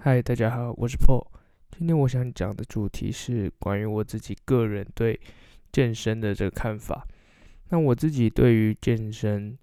嗨，Hi, 大家好，我是 Paul。今天我想講的主題是關於我自己個人對健身的這個看法。那我自己對於健身，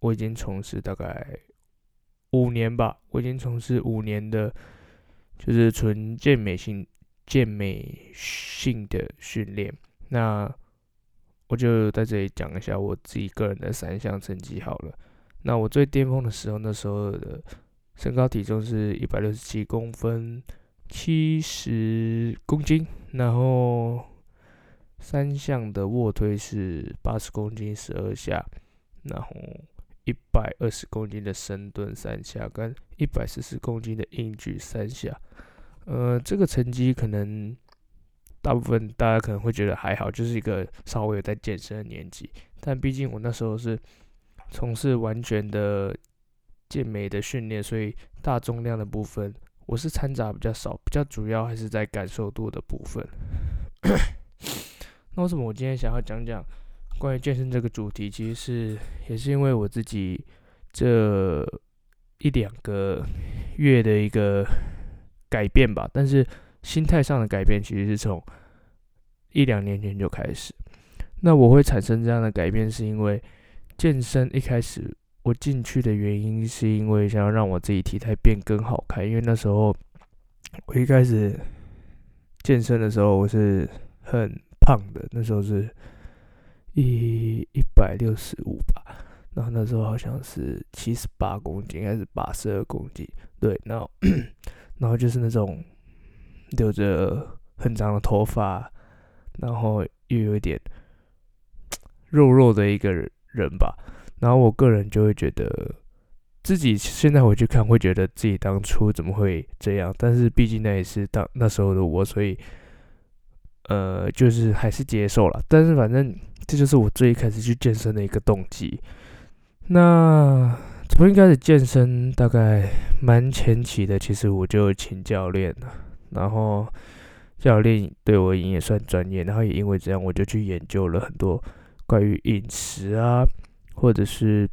我已經從事大概五年吧，我已經從事五年的就是純健美性健美性的訓練。那我就在這裡講一下我自己個人的三項成績好了。那我最巔峰的時候，那時候的。身高體重是一百六十七公分，七十公斤，然後三項的臥推是八十公斤十二下，然後一百二十公斤的深蹲三下，跟一百四十公斤的硬舉三下。呃，這個成績可能大部分大家可能會覺得還好，就是一個稍微有在健身的年紀，但畢竟我那時候是從事完全的。健美的訓練，所以大重量的部分我是摻雜比較少，比較主要還是在感受度的部分。 那為什麼我今天想要講講關於健身這個主題？其實是也是因為我自己這一兩個月的一個改變吧。但是心態上的改變其實是從一兩年前就開始。那我會產生這樣的改變，是因為健身一開始。我進去的原因是因為想要讓我自己體態變更好看。因為那時候我一開始健身的時候，我是很胖的，那時候是一一百六十五吧，然後那時候好像是七十八公斤，應該是八十二公斤。對，然後 然後就是那種留着很長的頭髮，然後又有一點肉肉的一個人，人吧。然後我個人就會覺得，自己現在回去看會覺得自己當初怎麼會這樣？但是畢竟那也是當那時候的我，所以，呃，就是還是接受了。但是反正這就是我最一開始去健身的一個動機。那從一開始健身大概蠻前期的，其實我就請教練了，然後教練對我也也算專業，然後也因為這樣，我就去研究了很多關於飲食啊。或者是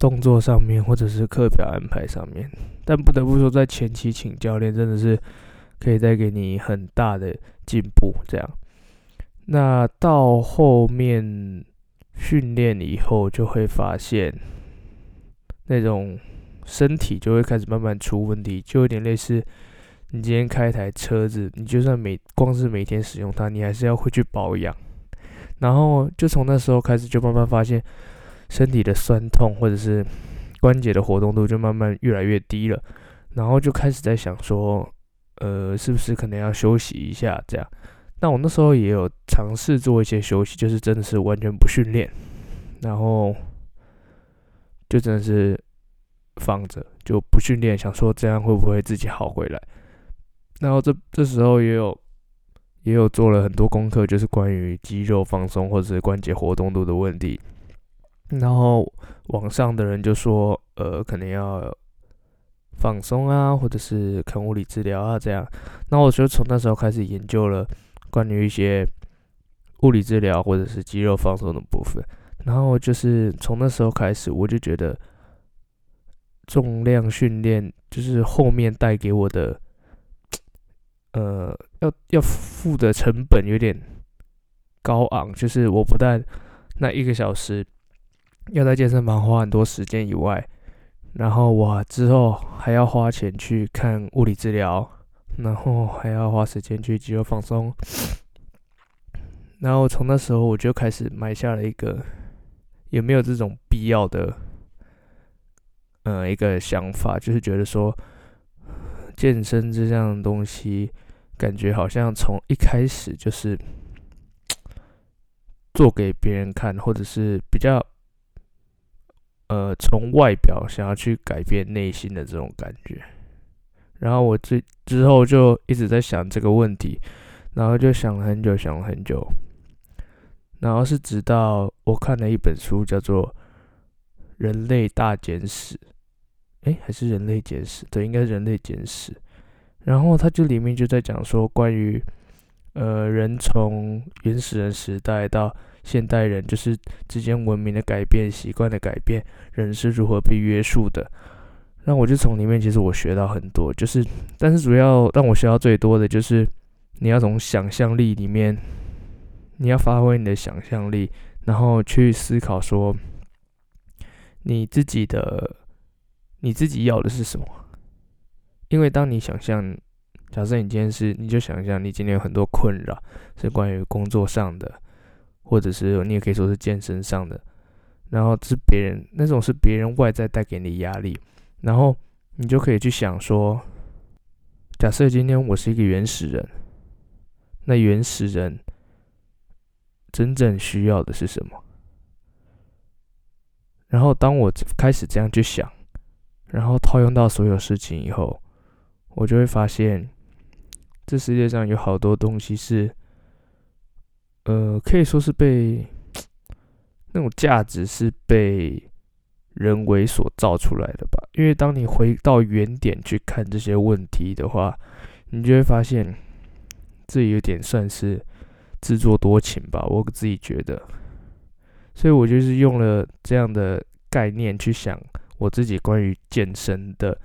動作上面，或者是課表安排上面，但不得不說，在前期請教練真的是可以帶給你很大的進步。這樣，那到後面訓練以後，就會發現那種身體就會開始慢慢出問題，就有點類似你今天開一台車子，你就算每光是每天使用它，你還是要回去保養。然後就從那時候開始，就慢慢發現身體的痠痛，或者是關節的活動度就慢慢越來越低了。然後就開始在想說，呃，是不是可能要休息一下？這樣，那我那時候也有嘗試做一些休息，就是真的是完全不訓練，然後就真的是放着就不訓練，想說這樣會不會自己好回來？然後這這時候也有。也有做了很多功課，就是關於肌肉放鬆或者是關節活動度的問題。然後網上的人就說，呃，可能要放鬆啊，或者是看物理治療啊這樣。那我就從那時候開始研究了關於一些物理治療或者是肌肉放鬆的部分。然後就是從那時候開始，我就覺得重量訓練就是後面帶給我的。呃，要要付的成本有點高昂，就是我不但那一個小時要在健身房花很多時間以外，然後我之後還要花錢去看物理治療，然後還要花時間去肌肉放鬆，然後從那時候我就開始埋下了一個有沒有這種必要的，呃，一個想法，就是覺得說。健身這樣東西，感覺好像從一開始就是做給別人看，或者是比較呃從外表想要去改變內心的這種感覺。然後我最之後就一直在想這個問題，然後就想了很久，想了很久，然後是直到我看了一本書叫做《人類大簡史》。哎、欸，還是人類簡史？對，應該是人類簡史。然後他就裡面就在講說關於呃人從原始人時代到現代人，就是之間文明的改變、習慣的改變，人是如何被約束的。那我就從裡面其實我學到很多，就是但是主要讓我學到最多的就是你要從想象力裡面，你要發揮你的想象力，然後去思考說你自己的。你自己要的是什麼？因為當你想象，假設你今天是，你就想象你今天有很多困擾，是關於工作上的，或者是你也可以說是健身上的，然後是別人，那種是別人外在帶給你壓力，然後你就可以去想說，假設今天我是一個原始人，那原始人真正需要的是什麼？然後當我開始這樣去想。然後套用到所有事情以後，我就會發現，這世界上有好多東西是，呃，可以說是被那種價值是被人為所造出來的吧。因為當你回到原點去看這些問題的話，你就會發現，這有點算是自作多情吧，我自己覺得。所以我就是用了這樣的概念去想。我自己關於健身的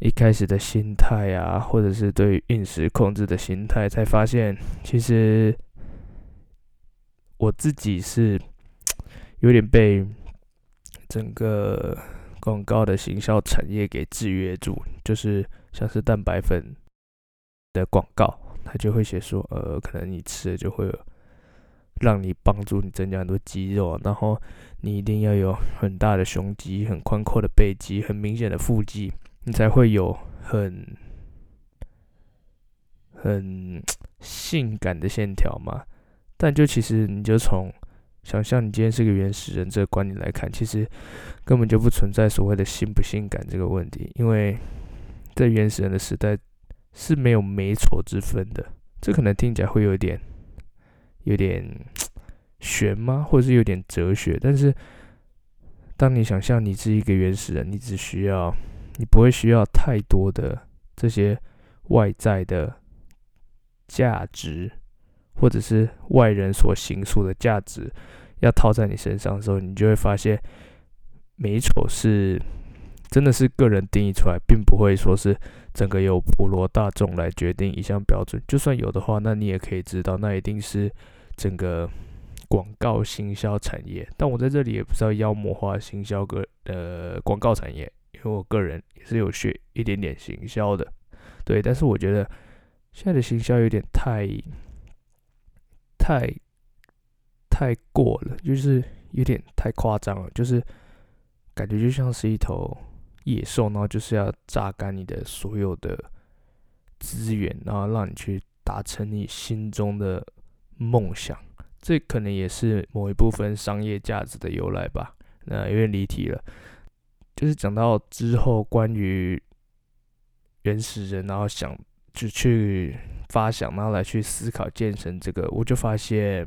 一開始的心態啊，或者是對飲食控制的心態，才發現其實我自己是有點被整個廣告的行銷產業給制約住，就是像是蛋白粉的廣告，他就會寫說，呃，可能你吃了就會有。讓你幫助你增加很多肌肉，然後你一定要有很大的胸肌、很寬闊的背肌、很明顯的腹肌，你才會有很很性感的線條嘛。但就其實，你就從想象你今天是個原始人這個觀念來看，其實根本就不存在所謂的性不性感這個問題，因為在原始人的時代是沒有美醜之分的。這可能聽起來會有一點。有點玄嗎？或者是有點哲學？但是，當你想象你是一個原始人，你只需要，你不會需要太多的這些外在的價值，或者是外人所行述的價值，要套在你身上的時候，你就會發現美醜是真的是個人定義出來，並不會說是整個由普羅大眾來決定一項標準。就算有的話，那你也可以知道，那一定是。整個廣告行銷產業，但我在這裡也不是要妖魔化行銷跟呃廣告產業，因為我個人也是有學一點點行銷的，對，但是我覺得現在的行銷有點太太太過了，就是有點太誇張了，就是感覺就像是一頭野獸，然後就是要榨乾你的所有的資源，然後讓你去達成你心中的。夢想，這可能也是某一部分商業價值的由來吧。那有點離題了，就是講到之後關於原始人，然後想就去發想，然後來去思考健身這個，我就發現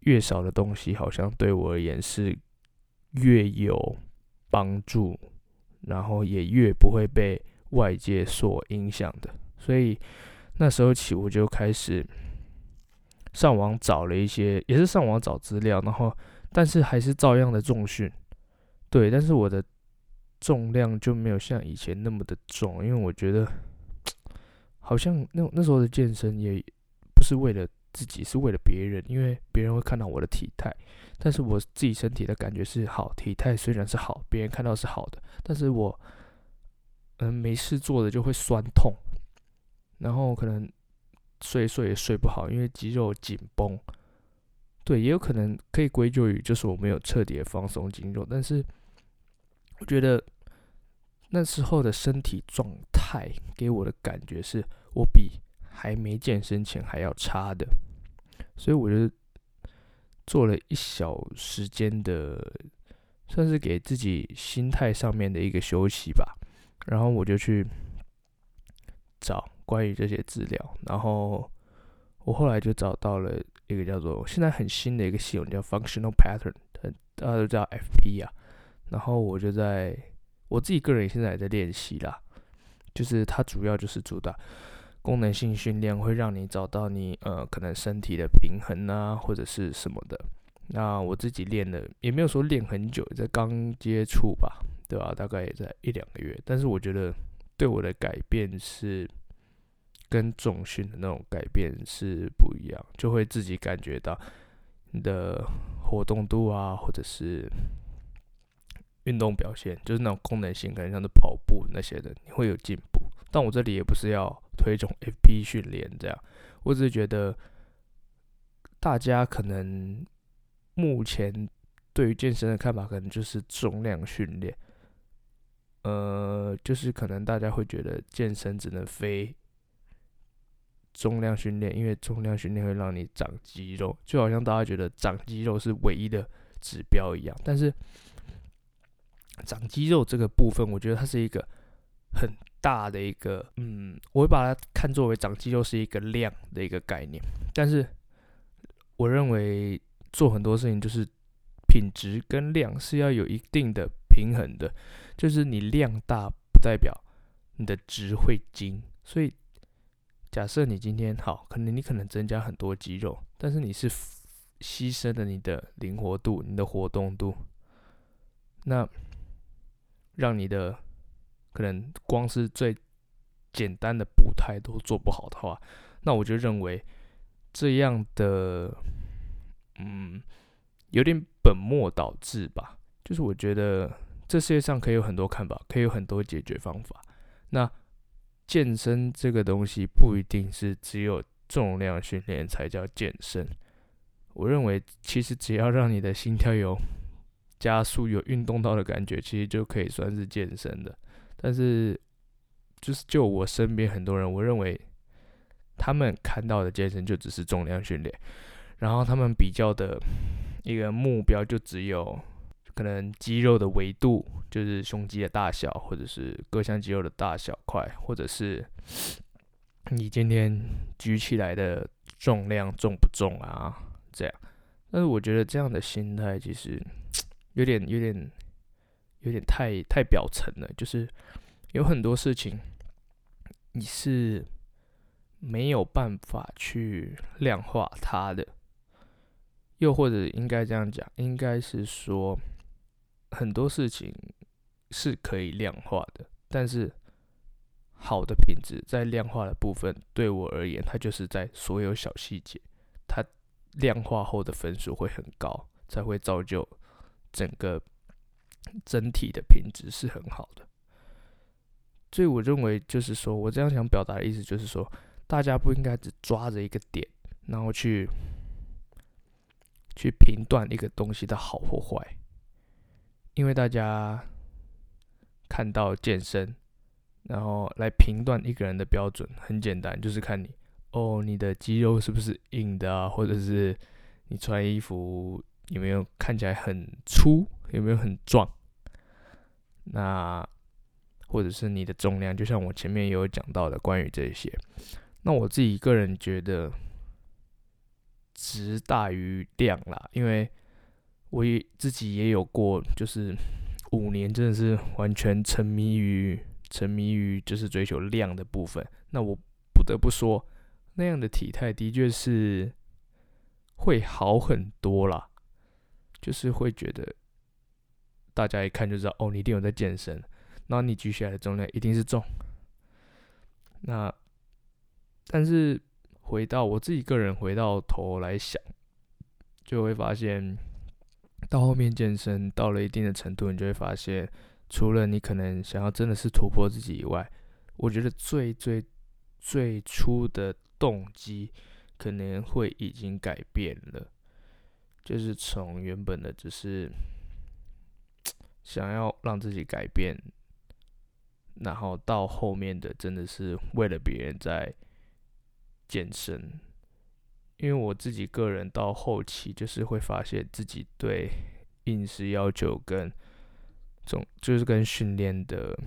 越少的東西，好像對我而言是越有幫助，然後也越不會被外界所影響的。所以那時候起，我就開始。上網找了一些，也是上網找資料，然後但是還是照樣的重訓，對，但是我的重量就沒有像以前那麼的重，因為我覺得好像那那時候的健身也不是為了自己，是為了別人，因為別人會看到我的體態，但是我自己身體的感覺是好，體態雖然是好，別人看到是好的，但是我嗯，呃，沒事做的就會酸痛，然後可能。睡睡也睡不好，因為肌肉緊繃。對，也有可能可以歸咎於就是我沒有徹底的放鬆肌肉。但是，我覺得那時候的身體狀態給我的感覺是我比還沒健身前還要差的。所以，我就做了一小時間的，算是給自己心態上面的一個休息吧。然後，我就去。找關於這些資料，然後我後來就找到了一個叫做現在很新的一個系統叫 Functional Pattern，大家都叫 FP 啊。然後我就在我自己個人現在也在練習啦，就是它主要就是主打功能性訓練，會讓你找到你呃可能身體的平衡啊或者是什麼的。那我自己練了也沒有說練很久，在剛接觸吧，對吧？大概也在一兩個月，但是我覺得。對我的改變是跟重訓的那種改變是不一樣，就會自己感覺到你的活動度啊，或者是運動表現，就是那種功能性，可能像是跑步那些的，你會有進步。但我這裡也不是要推崇 FB 訓練這樣，我只是覺得大家可能目前對於健身的看法，可能就是重量訓練。呃，就是可能大家會覺得健身只能非重量訓練，因為重量訓練會讓你長肌肉，就好像大家覺得長肌肉是唯一的指標一樣。但是長肌肉這個部分，我覺得它是一個很大的一個，嗯，我會把它看作為長肌肉是一個量的一個概念。但是我認為做很多事情就是品質跟量是要有一定的。平衡的，就是你量大不代表你的質會精。所以，假設你今天好，可能你可能增加很多肌肉，但是你是犧牲了你的靈活度、你的活動度，那讓你的可能光是最簡單的步態都做不好的話，那我就認為這樣的，嗯，有點本末倒置吧。就是我覺得這世界上可以有很多看法，可以有很多解決方法。那健身這個東西不一定是只有重量訓練才叫健身。我認為其實只要讓你的心跳有加速、有運動到的感覺，其實就可以算是健身的。但是就是就我身邊很多人，我認為他們看到的健身就只是重量訓練，然後他們比較的一個目標就只有。可能肌肉的維度，就是胸肌的大小，或者是各項肌肉的大小塊，或者是你今天舉起來的重量重不重啊？這樣。但是我覺得這樣的心態其實有點、有點、有點太太表層了。就是有很多事情你是沒有辦法去量化它的，又或者應該這樣講，應該是說。很多事情是可以量化的，但是好的品質在量化的部分，對我而言，它就是在所有小細節，它量化後的分數會很高，才會造就整個整體的品質是很好的。所以我認為，就是說我這樣想表達的意思，就是說大家不應該只抓着一個點，然後去去評斷一個東西的好或壞。因為大家看到健身，然後來評斷一個人的標準很簡單，就是看你哦，你的肌肉是不是硬的啊，或者是你穿衣服有沒有看起來很粗，有沒有很壯，那或者是你的重量，就像我前面也有講到的關於這些。那我自己個人覺得，質大於量啦，因為。我也自己也有過，就是五年真的是完全沉迷於沉迷於就是追求量的部分。那我不得不說，那樣的體態的確是會好很多啦，就是會覺得大家一看就知道哦，你一定有在健身，那你舉起來的重量一定是重。那但是回到我自己個人，回到頭來想，就會發現。到後面健身到了一定的程度，你就會發現，除了你可能想要真的是突破自己以外，我覺得最最最初的動機可能會已經改變了，就是從原本的只、就是想要讓自己改變，然後到後面的真的是為了別人在健身。因為我自己個人到後期，就是會發現自己對飲食要求跟總就是跟訓練的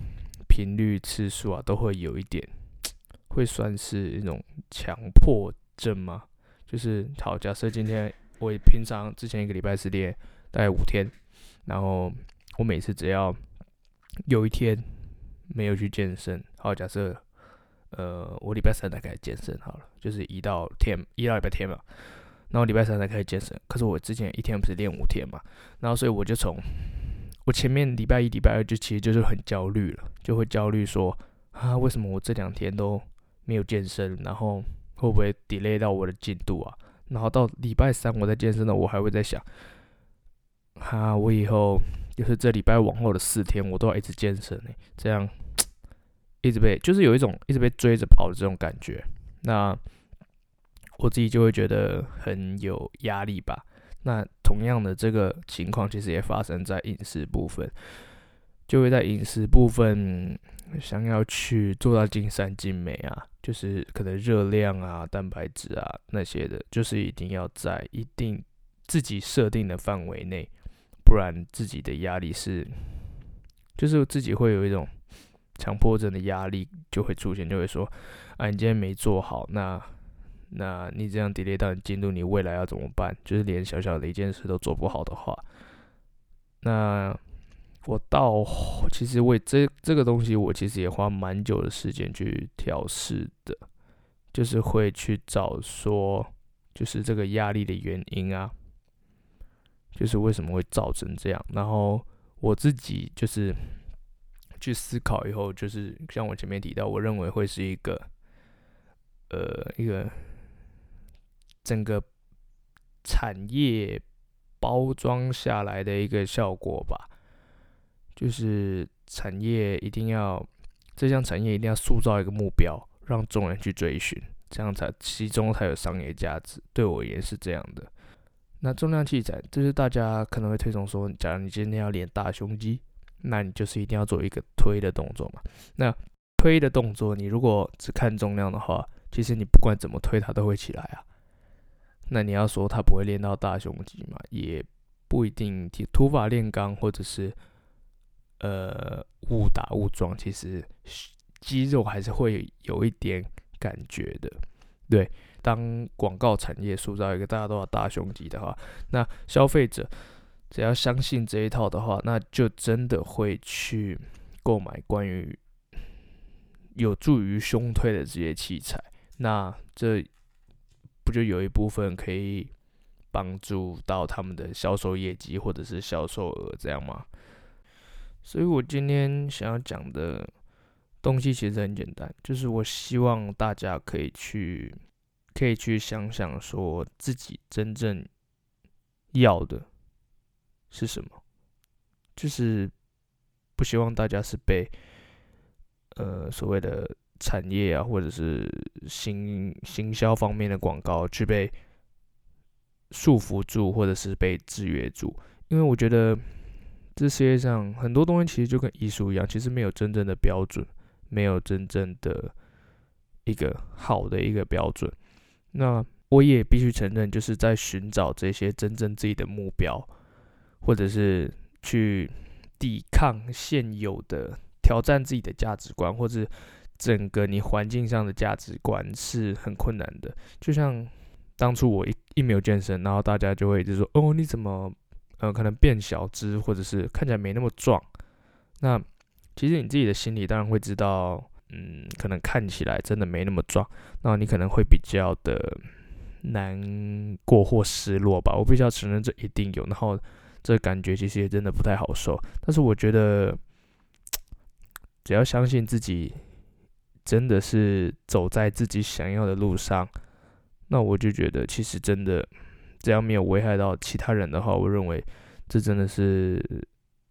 頻率次數啊，都會有一點，會算是一種強迫症嘛。就是好，假設今天我平常之前一個禮拜是練大概五天，然後我每次只要有一天沒有去健身，好假設。呃，我禮拜三才開始健身好了，就是一到天一到禮拜天嘛，然後禮拜三才開始健身。可是我之前一天不是練五天嘛，然後所以我就從我前面禮拜一、禮拜二就其實就是很焦慮了，就會焦慮說啊，為什麼我這兩天都沒有健身？然後會不會 delay 到我的進度啊？然後到禮拜三我在健身呢，我還會在想，啊，我以後就是這禮拜往後的四天我都要一直健身呢，這樣。一直被就是有一種一直被追着跑的這種感覺，那我自己就會覺得很有壓力吧。那同樣的這個情況其實也發生在飲食部分，就會在飲食部分想要去做到盡善盡美啊，就是可能熱量啊、蛋白質啊那些的，就是一定要在一定自己設定的範圍內，不然自己的壓力是，就是自己會有一種。強迫症的壓力就會出現，就會說：“啊，你今天沒做好，那，那你這樣疊疊到你進入你未來要怎麼辦？就是連小小的一件事都做不好的話，那我到其實為這這個東西，我其實也花蠻久的時間去調試的，就是會去找說，就是這個壓力的原因啊，就是為什麼會造成這樣。然後我自己就是。”去思考以後，就是像我前面提到，我認為會是一個，呃，一個整個產業包裝下來的一個效果吧。就是產業一定要這項產業一定要塑造一個目標，讓眾人去追尋，這樣才其中才有商業價值。對我而言是這樣的。那重量器材，就是大家可能會推崇說，假如你今天要練大胸肌。那你就是一定要做一個推的動作嘛。那推的動作，你如果只看重量的話，其實你不管怎麼推，它都會起來啊。那你要說它不會練到大胸肌嘛？也不一定。土法煉鋼或者是呃誤打誤撞，其實肌肉還是會有一點感覺的。對，當廣告產業塑造一個大家都要大胸肌的話，那消費者只要相信這一套的話，那就真的會去購買關於有助於胸推的這些器材。那這不就有一部分可以幫助到他們的銷售業績或者是銷售額這樣嗎？所以我今天想要講的東西其實很簡單，就是我希望大家可以去可以去想想說自己真正要的是什麼？就是不希望大家是被呃所謂的產業啊，或者是行行銷方面的廣告去被束縛住，或者是被制約住。因為我覺得這世界上很多東西其實就跟藝術一樣，其實沒有真正的標準，沒有真正的一個好的一個標準。那我也必須承認，就是在尋找這些真正自己的目標。或者是去抵抗現有的、挑戰自己的價值觀，或者是整個你環境上的價值觀是很困難的。就像當初我一一沒有健身，然後大家就會就說：“哦，你怎麼呃可能變小隻，或者是看起來沒那麼壯？”那其實你自己的心裡當然會知道，嗯，可能看起來真的沒那麼壯，那你可能會比較的難過或失落吧。我必須要承認這一定有，然後。這感覺其實也真的不太好受，但是我覺得，只要相信自己，真的是走在自己想要的路上，那我就覺得其實真的，只要沒有危害到其他人的話，我認為這真的是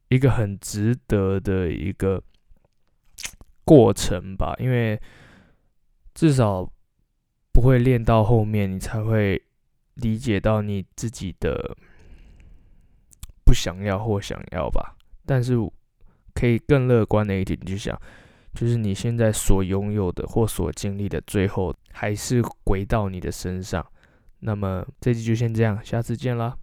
一個很值得的一個過程吧。因為至少不會練到後面，你才會理解到你自己的。不想要或想要吧，但是可以更樂觀的一點，你就想，就是你現在所擁有的或所經歷的，最後還是回到你的身上。那麼這期就先這樣，下次見啦。